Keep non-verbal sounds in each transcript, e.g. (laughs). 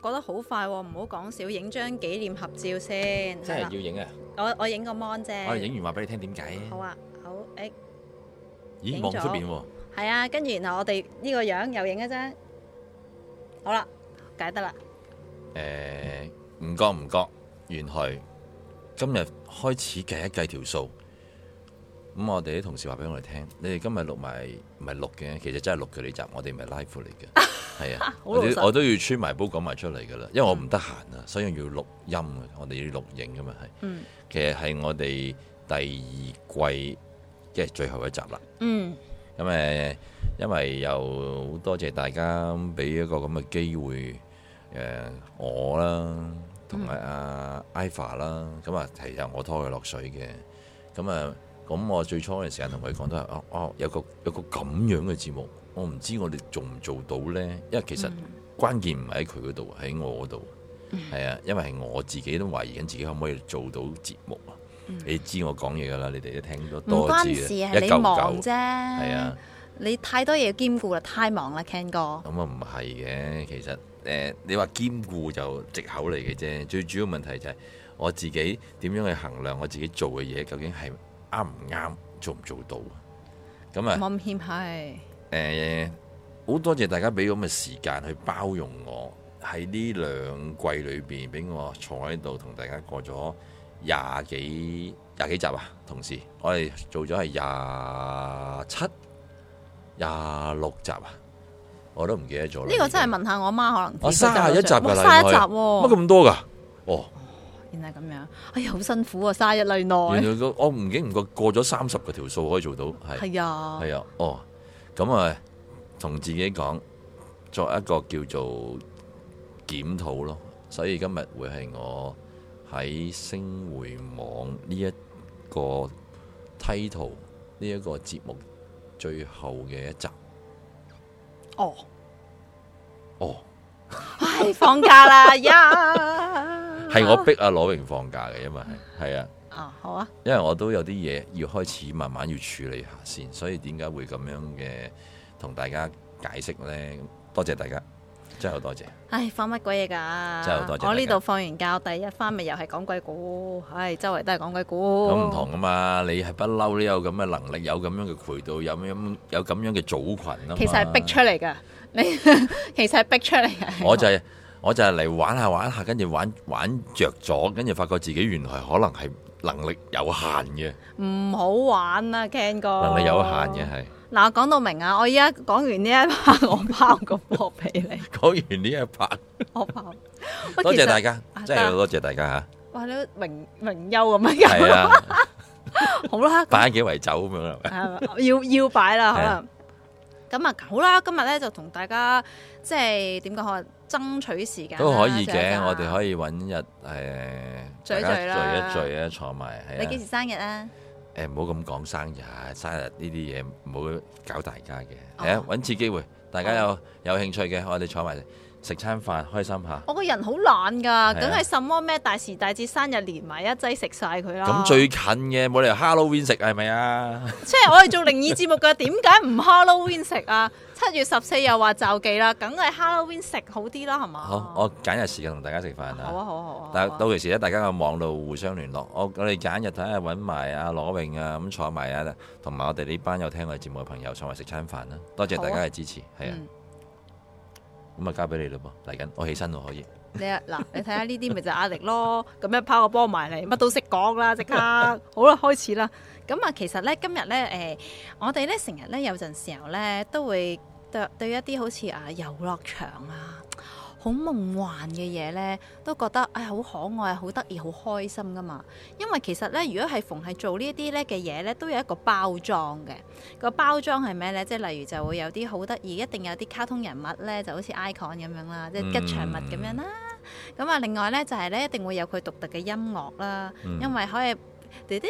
過得好快、哦，唔好講少，影張紀念合照先。真係要影啊！欸、了啊我我影個芒啫。我影完話俾你聽點解？好啊，好誒，咦望出面？係啊，跟住然後我哋呢個樣又影一張。好啦，解得啦。誒、欸，唔覺唔覺，原來今日開始計一計條數。咁我哋啲同事話俾我哋聽，你哋今日錄埋唔係錄嘅，其實真係錄佢呢集，我哋唔係 live 嚟嘅。係啊，我都要穿埋煲講埋出嚟噶啦，因為我唔得閒啊，所以要錄音啊，我哋要錄影噶嘛係。嗯、其實係我哋第二季即係最後一集啦。嗯，咁誒，因為又好多謝大家俾一個咁嘅機會，誒、呃、我啦，同埋阿 Iva 啦，咁啊，其實我拖佢落水嘅，咁啊，咁我最初嘅時間同佢講都係哦哦，有個有個咁樣嘅節目。我唔知我哋做唔做到呢，因為其實關鍵唔係喺佢嗰度，喺我嗰度，係啊、嗯，因為係我自己都懷疑緊自己可唔可以做到節目啊、嗯。你知我講嘢噶啦，你哋都聽咗多啲啦。唔關事，你忙啫。係啊的，你太多嘢兼顧啦，太忙啦，Ken 哥。咁啊唔係嘅，其實誒、呃，你話兼顧就藉口嚟嘅啫。最主要問題就係我自己點樣去衡量我自己做嘅嘢究竟係啱唔啱，做唔做到啊？咁啊，冒險誒，好多、呃、謝大家俾咁嘅時間去包容我喺呢兩季裏邊，俾我坐喺度同大家過咗廿幾廿幾集啊。同時，我哋做咗係廿七廿六集啊，我都唔記得咗。呢個真係問下我媽可能、哦。我卅一集嘅啦。卅、哦、一集、啊，乜咁海多噶？哦，原來咁樣。哎呀，好辛苦啊！卅日內耐。原來我唔經唔覺過咗三十嘅條數可以做到。係係呀。係呀、啊哦，哦。咁啊，同、嗯、自己講，作一個叫做檢討咯。所以今日會係我喺星匯網呢一個 title 呢一個節目最後嘅一集。哦，哦，係、 (laughs) (laughs) 啊、放假啦，呀！係我逼阿羅榮放假嘅，因為係係啊。啊、哦、好啊，因為我都有啲嘢要開始慢慢要處理下先，所以點解會咁樣嘅同大家解釋呢？多謝大家，真係好多謝。唉、哎，放乜鬼嘢噶、啊？真係好多謝。我呢度放完教，第一翻咪又係講鬼故，唉、哎，周圍都係講鬼故。咁唔同噶嘛，你係不嬲，你有咁嘅能力，有咁樣嘅渠道，有咩有咁樣嘅組群啊？其實係逼出嚟噶，你其實係逼出嚟。我就係、是。我就係嚟玩下玩下，跟住玩玩着咗，跟住發覺自己原來可能係能力有限嘅。唔好玩啊！Ken 哥，能力有限嘅係。嗱，我講到明啊，我依家講完呢一 part，我拋個波俾你。講完呢一 part，我拋。多謝大家，真係多謝大家吓。哇！你名名優咁樣，係啊，好啦，擺幾圍酒咁樣係咪？要要擺啦，好啦。咁啊，好啦，今日咧就同大家即係點講啊？爭取時間、啊、都可以嘅，我哋可以揾日誒，呃、醉醉大家聚一聚咧，坐埋。啊、你幾時生日咧、啊？誒、呃，唔好咁講生日，生日呢啲嘢唔好搞大家嘅。誒、哦，揾、啊、次機會，大家有、嗯、有興趣嘅，我哋坐埋嚟。食餐飯開心下。我個人好懶噶，梗係、啊、什麼咩大時大節生日連埋一劑食晒佢啦。咁最近嘅冇理由 Halloween 食係咪啊？即係我哋做靈異節目嘅，點解唔 (laughs) Halloween 食啊？七 (laughs) 月十四又話就忌啦，梗係 Halloween 食好啲啦，係嘛？好，我揀日時間同大家食飯啊！好啊，好啊，好啊！但係到時咧，大家嘅網路互相聯絡，我我哋揀日睇下揾埋阿羅永啊，咁坐埋啊，同埋我哋呢班有聽我哋節目嘅朋友坐埋食餐飯啦！多謝大家嘅支持，係啊。咁啊，交俾你咯，嚟緊我起身咯，可以。你啊，嗱，你睇下呢啲咪就壓力咯，咁 (laughs) 樣拋個波埋嚟，乜都識講啦，即刻好啦，開始啦。咁啊，其實咧，今日咧，誒、呃，我哋咧成日咧有陣時候咧都會對對一啲好似啊遊樂場啊，好夢幻嘅嘢呢，都覺得唉好可愛、好得意、好開心噶嘛！因為其實呢，如果係逢係做呢啲呢嘅嘢呢，都有一個包裝嘅。個包裝係咩呢？即係例如就會有啲好得意，一定有啲卡通人物呢，就好似 icon 咁樣啦，即係吉祥物咁樣啦。咁啊，另外呢，就係呢，一定會有佢獨特嘅音樂啦，因為可以。滴滴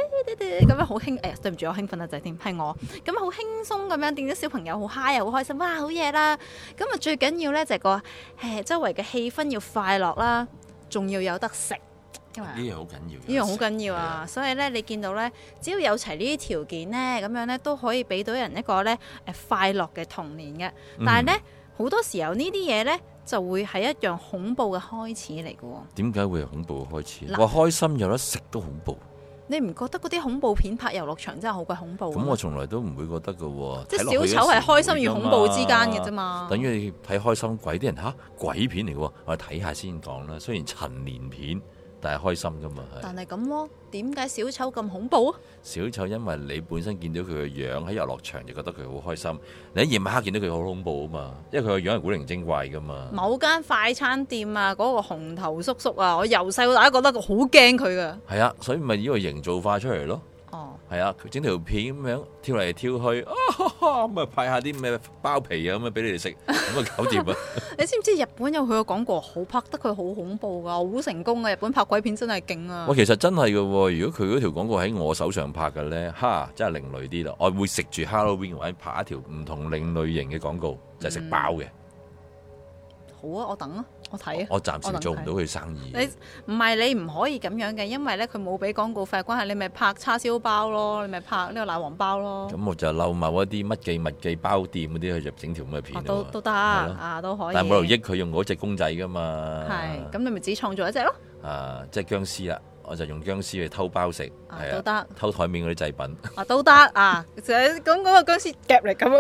咁樣好興誒，對唔住，我興奮一仔添，係我咁樣好輕鬆咁樣，點咗小朋友好嗨 i 啊，好開心哇，好嘢啦！咁啊最緊要咧就個誒周圍嘅氣氛要快樂啦，仲要有得食。呢樣好緊要，呢樣好緊要啊！所以咧你見到咧，只要有齊呢啲條件咧，咁樣咧都可以俾到人一個咧誒快樂嘅童年嘅。但係咧好多時候呢啲嘢咧就會係一樣恐怖嘅開始嚟嘅。點解會係恐怖嘅開始？話、呃、開心有得食都恐怖。你唔覺得嗰啲恐怖片拍遊樂場真係好鬼恐怖？咁我從來都唔會覺得㗎喎、哦。即係小丑係開心與恐怖之間嘅啫嘛。啊、等於睇開心鬼啲人吓、啊、鬼片嚟嘅喎，我睇下先講啦。雖然陳年片，但係開心㗎嘛。但係咁咯，點解小丑咁恐怖啊？小丑，因為你本身見到佢嘅樣喺遊樂場，就覺得佢好開心；你喺夜晚黑見到佢好恐怖啊嘛，因為佢個樣係古靈精怪噶嘛。某間快餐店啊，嗰個紅頭叔叔啊，我由細到大覺得佢好驚佢噶。係啊，所以咪以個營造化出嚟咯。哦，係啊，整條片咁樣跳嚟跳去啊，咪、哦、派下啲咩包皮啊咁樣俾你哋食，咁啊搞掂啊！ (laughs) 你知唔知日本有佢個廣告好拍得佢好恐怖噶，好成功啊！日本拍鬼片真係勁啊！喂、哦，其實真係嘅，如果佢嗰條廣告喺我手上拍嘅咧，哈，真係另類啲咯。我會食住 Halloween 或者拍一條唔同另類型嘅廣告，就食包嘅。好啊，我等啊。我睇啊！我暫時做唔到佢生意。你唔係你唔可以咁樣嘅，因為咧佢冇俾廣告費關係，你咪拍叉燒包咯，你咪拍呢個奶黃包咯。咁我就漏茂一啲乜記乜記包店嗰啲，去入整條咩片。都都得了啊，都可以。但冇理由益，佢用嗰隻公仔噶嘛。係，咁你咪自創造一隻咯。啊，即係僵屍啦。我就用僵屍去偷包食，係啊，偷台面嗰啲製品啊都得啊！成日咁嗰個僵屍夾嚟咁，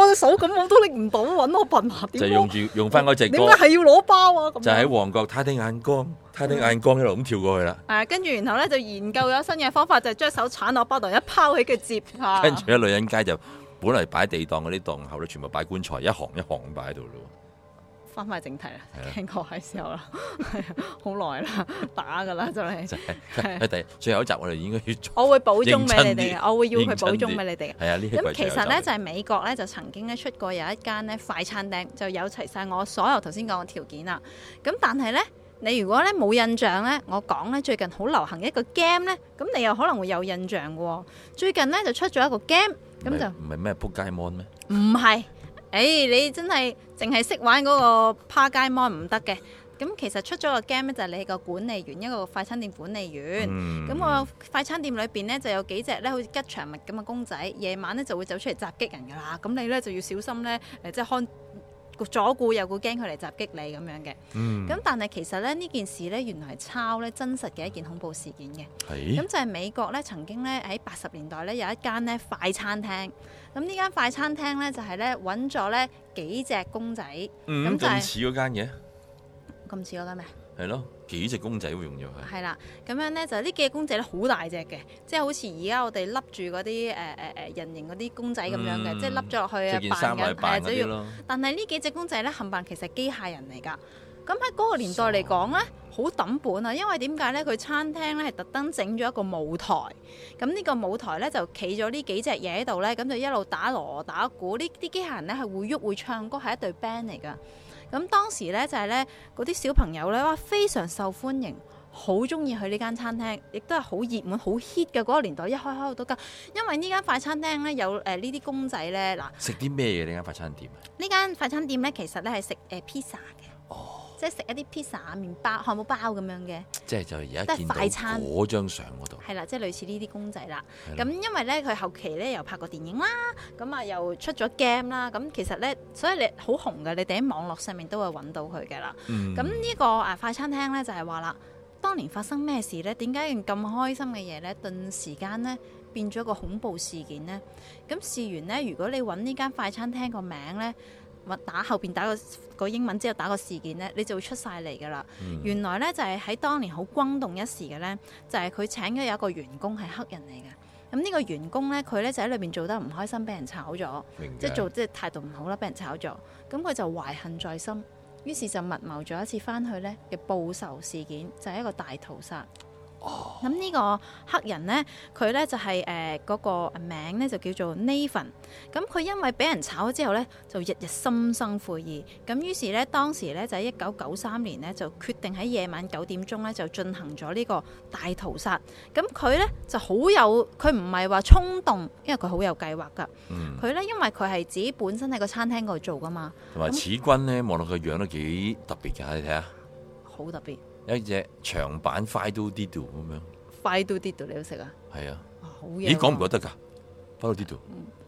我隻手咁好都拎唔到，揾我笨麻就用住用翻嗰隻歌，係、啊、要攞包啊！就喺旺角睇啲眼光，睇啲眼光一路咁跳過去啦。係、啊、跟住然後咧就研究咗新嘅方法，就將、是、手鏟落包度一拋起佢接 (laughs) 跟住咧女人街就本嚟擺地檔嗰啲檔口咧，全部擺棺材一行一行咁擺喺度咯。返返正題啦，聽過係時候啦，係啊，好耐啦，啊、 (laughs) 久了 (laughs) 打噶啦真係。係第、就是啊、最後一集，我哋應該要。我會補充俾你哋嘅，我會要佢補充俾你哋嘅。係啊，呢咁其實咧就係、是、美國咧就曾經咧出過有一間咧快餐店，就有齊晒我所有頭先講嘅條件啦。咁但係咧，你如果咧冇印象咧，我講咧最近好流行一個 game 咧，咁你又可能會有印象嘅喎、哦。最近咧就出咗一個 game，咁就唔係咩撲街 mon 咩？唔係。誒、哎，你真係淨係識玩嗰個趴街魔唔得嘅，咁其實出咗個 game 咧，就係你係個管理員，一個快餐店管理員。咁個、嗯、快餐店裏邊咧，就有幾隻咧，好似吉祥物咁嘅公仔，夜晚咧就會走出嚟襲擊人㗎啦。咁你咧就要小心咧，誒即係看，左顧右顧，驚佢嚟襲擊你咁樣嘅。咁、嗯、但係其實咧呢件事咧，原來係抄咧真實嘅一件恐怖事件嘅。咁是就係美國咧曾經咧喺八十年代咧有一間咧快餐廳。咁呢間快餐廳咧就係咧揾咗咧幾隻公仔，咁、嗯、就係、是。咁似嗰間嘅，咁似嗰間咩？係咯，幾隻公仔會用咗，就、係，是？係啦，咁樣咧就呢幾隻公仔咧好大隻嘅，即係好似而家我哋笠住嗰啲誒誒誒人形嗰啲公仔咁樣嘅，嗯、即係笠咗落去啊扮嘅，誒就要。但係呢幾隻公仔咧，冚唪唥其實係機械人嚟㗎。咁喺嗰個年代嚟講咧，的好抌本啊，因為點解咧？佢餐廳咧係特登整咗一個舞台，咁呢個舞台咧就企咗呢幾隻嘢喺度咧，咁就一路打鑼打鼓，呢啲機械人咧係會喐會唱歌，係一,一隊 band 嚟㗎。.咁當時咧就係咧嗰啲小朋友咧哇，非常受歡迎，好中意去呢間餐廳，亦都係好熱門、好 hit 嘅嗰個年代。一開一開到到今日因為呢間快餐店咧有誒呢啲公仔咧嗱，食啲咩嘅？呢間快餐店，呢間快餐店，呢間快餐店咧其實咧係食誒披薩嘅。哦。即係食一啲披薩、麪包、漢堡包咁樣嘅，即係就而家見到嗰張相嗰度，係啦，即係類似呢啲公仔啦。咁的因為咧，佢後期咧又拍過電影啦，咁啊又出咗 game 啦。咁其實咧，所以你好紅嘅，你哋喺網絡上面都會揾到佢嘅啦。咁呢、嗯、個啊快餐廳咧就係話啦，當年發生咩事咧？點解件咁開心嘅嘢咧，頓時間咧變咗一個恐怖事件咧？咁事緣咧，如果你揾呢間快餐廳個名咧？打後邊打個個英文，之後打個事件咧，你就會出晒嚟㗎啦。嗯、原來咧就係喺當年好轟動一時嘅咧，就係佢請咗有一個員工係黑人嚟嘅。咁呢個員工咧，佢咧就喺裏邊做得唔開心，俾人炒咗明白，即係做即係態度唔好啦，俾人炒咗。咁佢就懷恨在心，於是就密謀咗一次翻去咧嘅報仇事件，就係一個大屠殺。咁呢、哦、個黑人呢，佢呢就係誒嗰個名呢，就叫做 Nathan。咁佢因為俾人炒咗之後呢，就日日心生悔意。咁於是呢，當時呢，就喺一九九三年呢，就決定喺夜晚九點鐘呢，就進行咗呢個大屠殺。咁佢呢，就好有，佢唔係話衝動，因為佢好有計劃噶。佢、嗯、呢，因為佢係自己本身喺個餐廳嗰度做噶嘛。同埋此君呢，望落佢樣都幾特別嘅，你睇下，好特別。有一隻長版，fire do do 咁樣 fire do do 你都識啊？係啊，好嘢、哦！啊、咦，講唔講得噶？fire do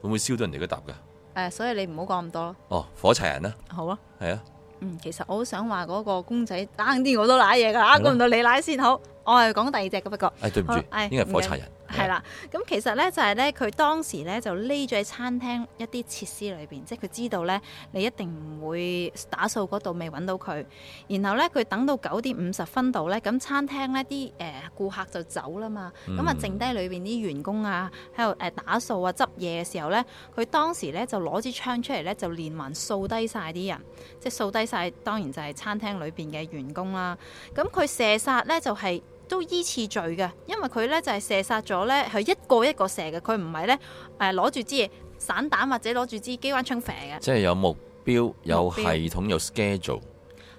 會唔會燒到人哋個塔噶？誒、呃，所以你唔好講咁多咯。哦，火柴人啦、啊，好啊，係啊。嗯，其實我好想話嗰個公仔拉硬啲我都瀨嘢噶，估唔、啊、到你瀨先好。我係講第二隻嘅，不過誒、哎，對唔住，應該係火柴人。哎係啦，咁 Yeah. 其實咧就係咧，佢當時咧就匿咗喺餐廳一啲設施裏邊，即係佢知道咧你一定唔會打掃嗰度，未揾到佢。然後咧佢等到九點五十分度咧，咁餐廳咧啲誒顧客就走啦嘛，咁啊、mm hmm. 剩低裏邊啲員工啊喺度誒打掃啊執嘢嘅時候咧，佢當時咧就攞支槍出嚟咧就連環掃低晒啲人，即係掃低晒當然就係餐廳裏邊嘅員工啦、啊。咁佢射殺咧就係、是。都依次序嘅，因為佢呢就係、係、射殺咗呢，係一個一個射嘅，佢唔係呢，誒、呃，攞住支散彈或者攞住支機關槍射嘅。即係有目標、有系統、標有 schedule，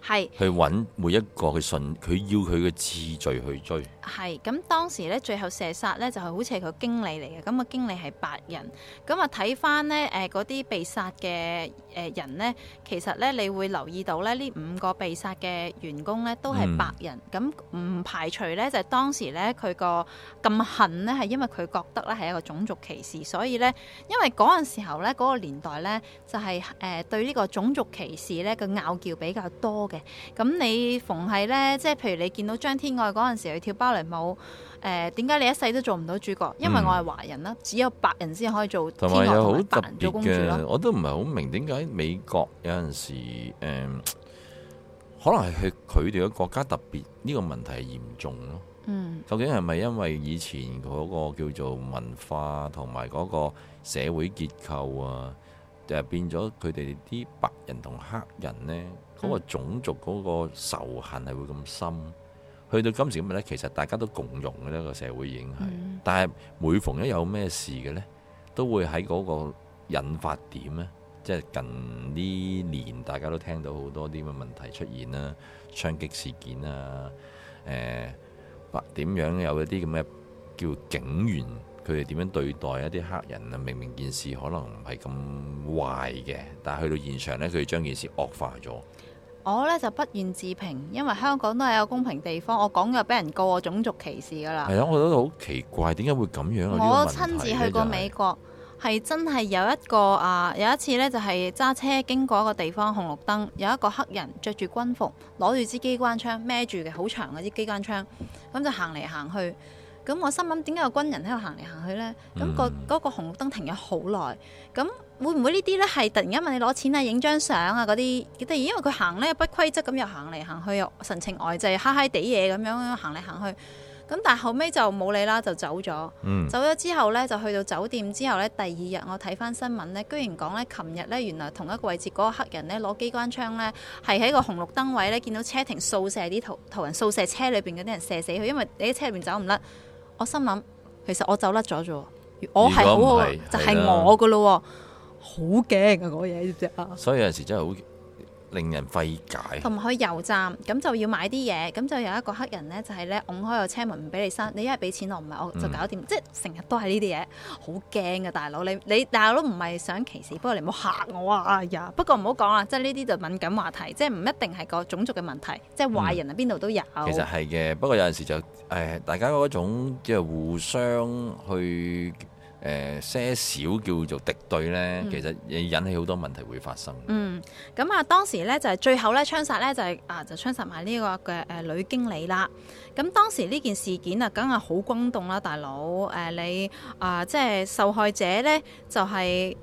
係係去揾每一個佢順，佢要佢嘅次序去追。係咁，當時咧最後射殺咧就係好似係佢經理嚟嘅，咁個經理係白人，咁啊睇翻呢誒嗰啲被殺嘅誒人呢，其實咧你會留意到咧呢五個被殺嘅員工咧都係白人，咁唔、嗯、排除咧就係當時咧佢個咁恨呢，係因為佢覺得咧係一個種族歧視，所以咧因為嗰陣時候咧嗰、嗰個年代咧就係誒對呢個種族歧視咧個拗撬比較多嘅，咁你逢係咧即係譬如你見到張天愛嗰陣時去跳芭蕾。冇誒，點解你一世都做唔到主角？因為我係華人啦，嗯、只有白人先可以做天王版公主咯。我都唔係好明點解美國有陣時誒、嗯，可能係佢哋嘅國家特別呢、呢個問題係嚴重咯。嗯、究竟係咪因為以前嗰個叫做文化同埋嗰個社會結構啊，就變咗佢哋啲白人同黑人呢，嗰、嗰個種族嗰個仇恨係會咁深？去到今時今日咧，其實大家都共融嘅呢個社會已經係，嗯、但係每逢一有咩事嘅咧，都會喺嗰個引發點咧，即係近呢年大家都聽到好多啲咁嘅問題出現啦，槍擊事件啊，誒、呃，點樣有一啲咁嘅叫警員，佢哋點樣對待一啲黑人啊？明明件事可能唔係咁壞嘅，但係去到現場咧，佢哋將件事惡化咗。我咧就不願置評，因為香港都係有公平地方。我講嘅，俾人告我種族歧視噶啦。係啊，我覺得好奇怪，點解會咁樣啊？我親自去過美國，係真係有一個啊，有一次呢就係揸車經過一個地方，紅綠燈有一個黑人着住軍服，攞住支機關槍孭住嘅，好長嗰支機關槍，咁就行嚟行去。咁我心諗點解有軍人喺度行嚟行去呢？咁、嗯嗰個嗰、嗰個紅綠燈停咗好耐。咁會唔會呢啲咧係突然間問你攞錢啊、影張相啊嗰啲？突然因為佢行咧不規則咁又行嚟行去，又神情呆滯，嗨嗨地嘢咁樣行嚟行去。咁但係後尾就冇理啦，就走咗。嗯、走咗之後咧，就去到酒店之後咧。第二日我睇翻新聞咧，居然講咧，琴日咧原來同一個位置嗰個黑人咧攞機關槍咧，係喺個紅綠燈位咧見到車停，掃射啲途人，掃射車裏邊嗰啲人，射死佢，因為你喺車入邊走唔甩。我心諗其實我走甩咗啫，我係好好就係我噶咯的。好驚啊！講嘢啫，所以有陣時真係好令人費解。同埋去油站咁就要買啲嘢，咁就有一個黑人咧，就係、是、咧，拱開個車門唔俾你閂，你一係俾錢我，唔係我就搞掂。嗯、即係成日都係呢啲嘢，好驚啊大佬，你你，大佬都唔係想歧視，不過你唔好吓我啊、哎、呀！不過唔好講啦，即係呢啲就敏感話題，即係唔一定係個種族嘅問題，即係壞人啊，邊度都有。嗯、其實係嘅，不過有陣時就誒、哎，大家嗰種即係互相去。誒些少叫做敵對咧，其實引起好多問題會發生。嗯，咁、嗯嗯、啊，當時咧就係最後咧槍殺咧就係啊就槍殺埋呢、這個嘅誒、啊呃、女經理啦。咁、啊、當時呢件事件、呃、啊，梗係好轟動啦，大佬誒你啊，即係受害者咧就係、是、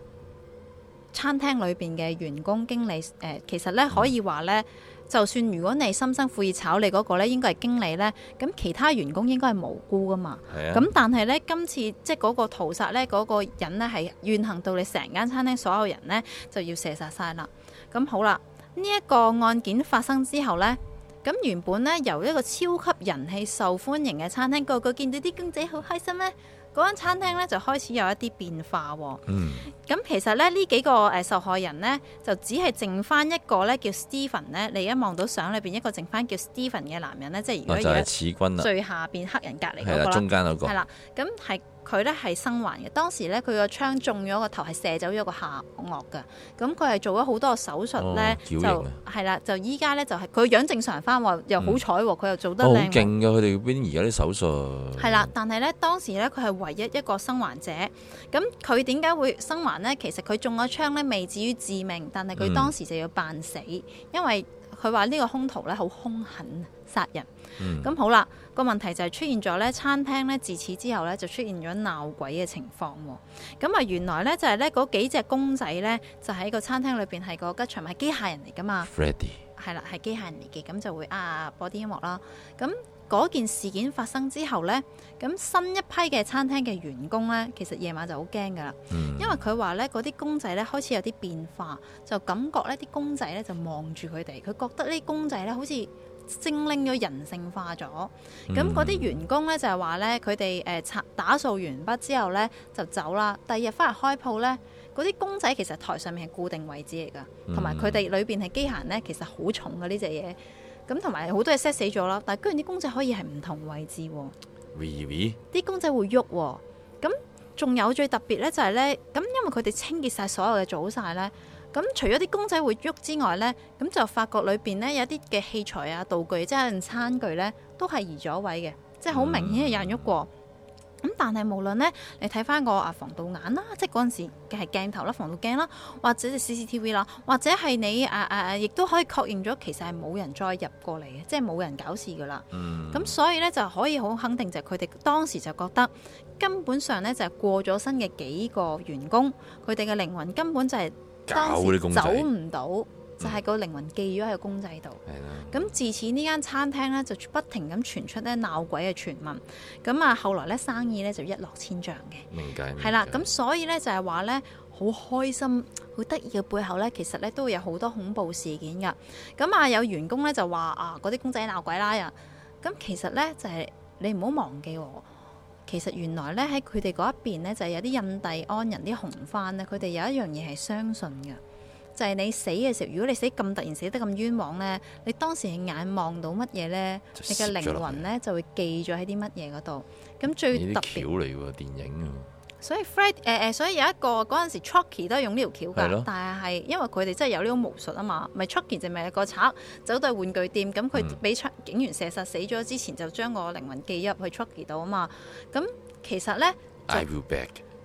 餐廳裏邊嘅員工經理誒、呃，其實咧可以話咧。嗯就算如果你心生悔意炒你嗰個咧，應該係經理呢，咁其他員工應該係無辜㗎嘛。咁、啊、但係呢，今次即係嗰個屠殺呢，嗰、那個人呢係怨恨到你成間餐廳所有人呢就要射殺晒啦。咁好啦，呢、這、一個案件發生之後呢，咁原本呢由一個超級人氣、受歡迎嘅餐廳，個個見到啲工仔好開心呢。嗰間餐廳咧就開始有一啲變化喎。嗯，咁其實咧呢幾個誒受害人咧就只係剩翻一個咧叫 Steven 咧，你一望到相裏邊一個剩翻叫 Steven 嘅男人咧，即係就係此君啊，最下邊黑人隔離係啦，中間嗰個係啦，咁係。佢咧係生還嘅，當時咧佢個槍中咗個頭，係射走咗個下顎嘅。咁佢係做咗好多手術咧、哦，就係啦、就是，就依家咧就係佢樣正常翻，又好彩喎，佢、嗯、又做得靚。好勁㗎！佢哋邊而家啲手術係啦，但係咧當時咧佢係唯一一個生還者。咁佢點解會生還咧？其實佢中咗槍咧，未至於致命，但係佢當時就要扮死，嗯、因為佢話呢個兇徒咧好兇狠。殺人咁、嗯、好啦。個問題就係出現咗咧，餐廳咧自此之後咧就出現咗鬧鬼嘅情況喎、哦。咁啊，原來咧就係咧嗰幾隻公仔咧就喺個餐廳裏邊係個吉祥物，係機械人嚟噶嘛。Freddy，係啦，係機械人嚟嘅，咁就會啊播啲音樂啦。咁嗰件事件發生之後咧，咁新一批嘅餐廳嘅員工咧，其實夜晚就好驚噶啦，嗯、因為佢話咧嗰啲公仔咧開始有啲變化，就感覺呢啲公仔咧就望住佢哋，佢覺得呢公仔咧好似精靈咗、人性化咗，咁嗰啲員工咧就係話咧，佢哋誒擦打掃完畢之後咧就走啦。第二日翻嚟開鋪咧，嗰啲公仔其實台上面係固定位置嚟㗎，同埋佢哋裏邊係機械咧，其實好重嘅呢隻嘢。咁同埋好多嘢 set 死咗啦，但係居然啲公仔可以係唔同位置。喂喂，啲公仔會喐、哦。咁仲有最特別咧就係咧，咁因為佢哋清潔晒所有嘅組晒咧。咁、嗯、除咗啲公仔會喐之外呢，咁、嗯、就發覺裏邊呢，有啲嘅器材啊、道具，即係餐具呢，都係移咗位嘅，即係好明顯係有人喐過。咁、嗯、但係無論呢，你睇翻個啊防盜眼啦，即係嗰陣時嘅係鏡頭啦、防盜鏡啦，或者 CCTV 啦，或者係你啊啊，亦、啊、都可以確認咗其實係冇人再入過嚟嘅，即係冇人搞事噶啦。咁、嗯嗯、所以呢，就可以好肯定，就係佢哋當時就覺得根本上呢，就係過咗身嘅幾個員工，佢哋嘅靈魂根本就係、是。走唔到，嗯、就係個靈魂寄咗喺個公仔度。咁的自此呢間餐廳呢，就不停咁傳出呢鬧鬼嘅傳聞。咁啊後來呢生意呢就一落千丈嘅。明係啦，咁所以呢，就係話呢，好開心好得意嘅背後呢，其實呢都會有好多恐怖事件噶。咁啊有員工呢，就話啊嗰啲公仔鬧鬼啦，咁其實呢，就係你唔好忘記我。其實原來咧喺佢哋嗰一邊呢，就係有啲印第安人啲紅番咧，佢哋有一樣嘢係相信嘅，就係你死嘅時候，如果你死咁突然，死得咁冤枉呢，你當時你眼望到乜嘢呢？你嘅靈魂呢，就會記咗喺啲乜嘢嗰度。咁最特別嚟㗎電影啊！所以 Fred 誒、呃、誒，所以有一個嗰陣時，Chucky 都係用呢條橋㗎。的但係因為佢哋真係有呢種巫術啊嘛，咪 Chucky 就咪個賊走到玩具店，咁佢俾警員射殺死咗之前，就將個靈魂寄入去 Chucky 度啊嘛。咁其實咧，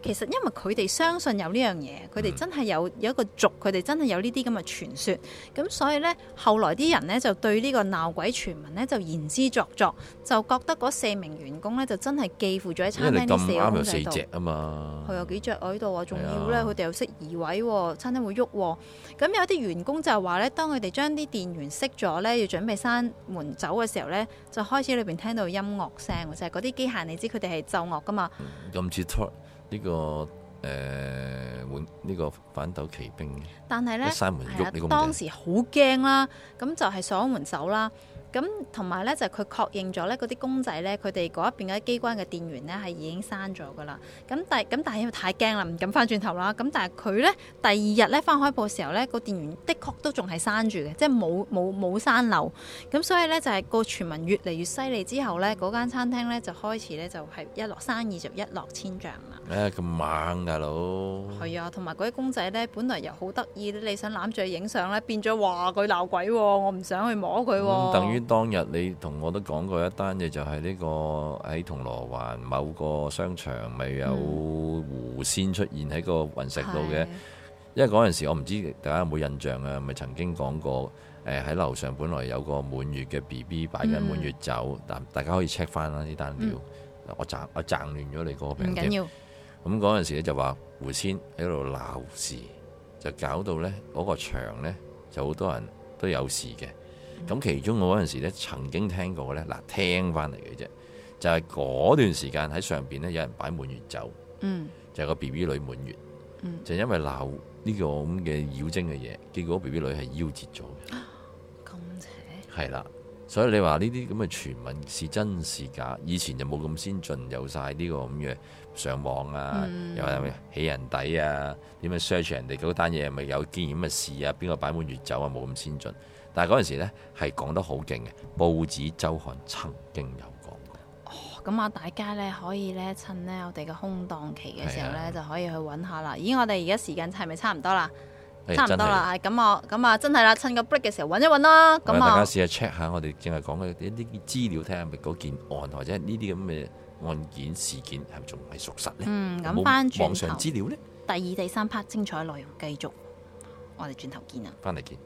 其實，因為佢哋相信有呢樣嘢，佢哋真係有有一個族，佢哋真係有呢啲咁嘅傳說。咁所以呢，後來啲人呢就對呢個鬧鬼傳聞呢就言之鑿鑿，就覺得嗰四名員工呢就真係寄附咗喺餐廳嘅小公仔度。咁啱有四隻啊嘛，佢、啊、有幾隻喺度我仲要呢，佢哋、嗯、又識移位，餐廳會喐、啊。咁有啲員工就話呢，當佢哋將啲電源熄咗呢，要準備閂門走嘅時候呢，就開始裏邊聽到音樂聲，就係嗰啲機械。你知佢哋係奏樂㗎嘛？咁似、嗯呢、這個誒碗呢個反斗奇兵嘅，但係咧，閂門喐呢個，當時好驚啦，咁就係鎖門走啦。咁同埋咧，就佢、是、確認咗咧，嗰啲公仔咧，佢哋嗰一邊嘅機關嘅電源咧，係已經閂咗噶啦。咁但咁但係太驚啦，唔敢翻轉頭啦。咁但係佢咧第二日咧翻開鋪嘅時候咧，個電源的確都仲係閂住嘅，即係冇冇冇閂漏。咁所以咧就係、是、個傳聞越嚟越犀利之後咧，嗰間餐廳咧就開始咧就係一落生意就一落千丈啦。咩咁、欸、猛啊，老？係啊，同埋嗰啲公仔咧，本來又好得意，你想攬住影相咧，變咗話佢鬧鬼喎、哦，我唔想去摸佢喎、哦。嗯當日你同我都講過一單嘢，就係、是、呢個喺銅鑼灣某個商場，咪有狐仙出現喺個雲石度嘅。嗯、因為嗰陣時我唔知大家有冇印象啊，咪曾經講過喺、呃、樓上本來有個滿月嘅 B B 擺緊滿月酒，嗯、但大家可以 check 翻啦呢單料。我掙我掙亂咗你嗰個名。唔緊要。咁嗰陣時咧就話狐仙喺度鬧事，就搞到呢嗰、那個場咧就好多人都有事嘅。咁、嗯、其中我嗰陣時咧，曾經聽過嘅咧，嗱聽翻嚟嘅啫，就係、是、嗰段時間喺上邊咧，有人擺滿月酒，嗯、就個 B B 女滿月，嗯、就因為鬧呢個咁嘅妖精嘅嘢，結果 B B 女係夭折咗嘅。咁邪、啊？係啦，所以你話呢啲咁嘅傳聞是真是假？以前就冇咁先進，有晒呢個咁嘅上網啊，又係咩、嗯、起人底啊，點樣 search 人哋嗰單嘢係咪有啲咁嘅事啊？邊個擺滿月酒啊？冇咁先進。但係嗰陣時咧，係講得好勁嘅，報紙《週刊》曾經有講過。哦，咁啊，大家咧可以咧趁呢我哋嘅空檔期嘅時候咧，是的 就可以去揾下啦。咦，我哋而家時間係咪差唔多啦？欸、差唔多啦。咁是我咁啊，真係啦，趁個 break 嘅時候揾一揾啦。咁啊，大家試下、嗯、我 check 下我哋淨係講嘅一啲資料，睇下咪嗰件案或者呢啲咁嘅案件事件係咪仲係屬實呢？嗯，咁翻住網上資料咧、嗯。第二、第三 part 精彩內容繼續，我哋轉頭見啊！翻嚟見。